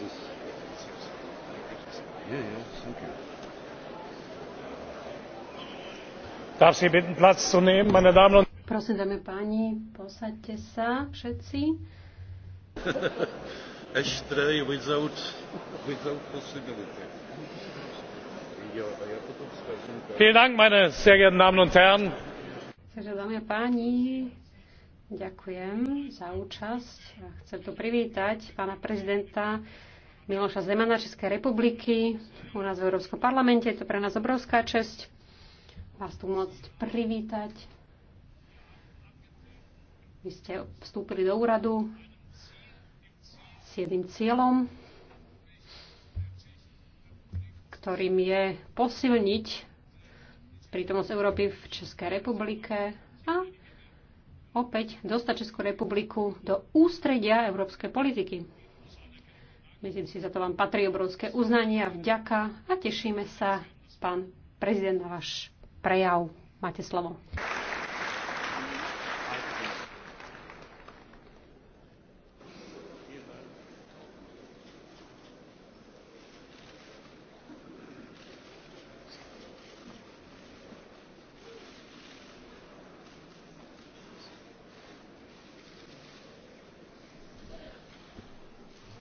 this. Yeah, yeah, thank you. Darf Sie bitten, Platz zu nehmen, meine Damen und Prosím, dámy páni, posaďte sa všetci. Ashtray without, without possibility. Vielen Dank, meine sehr geehrten Damen und Herren. Takže, dámy a páni, Ďakujem za účasť. Chcem tu privítať pána prezidenta Miloša Zemana Českej republiky u nás v Európskom parlamente. Je to pre nás obrovská česť vás tu môcť privítať. Vy ste vstúpili do úradu s jedným cieľom, ktorým je posilniť prítomnosť Európy v Českej republike opäť dostať Českú republiku do ústredia európskej politiky. Myslím si, za to vám patrí obrovské uznanie a vďaka a tešíme sa, pán prezident, na váš prejav. Máte slovo.